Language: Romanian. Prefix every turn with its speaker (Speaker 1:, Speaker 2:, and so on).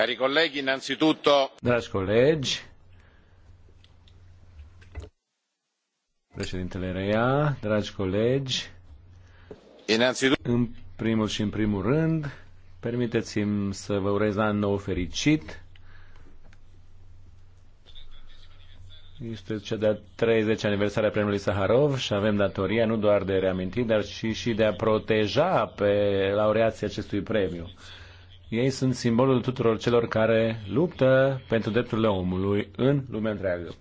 Speaker 1: Cari colleghi, innanzitutto...
Speaker 2: Dragi colegi, președintele Rea, dragi colegi, innanzitutto... în primul și în primul rând, permiteți-mi să vă urez an nou fericit. Este cea de-a 30 aniversare a premiului Saharov și avem datoria nu doar de reaminti, dar și, și de a proteja pe laureații acestui premiu. Ei sunt simbolul tuturor celor care luptă pentru drepturile omului în
Speaker 3: lumea întreagă.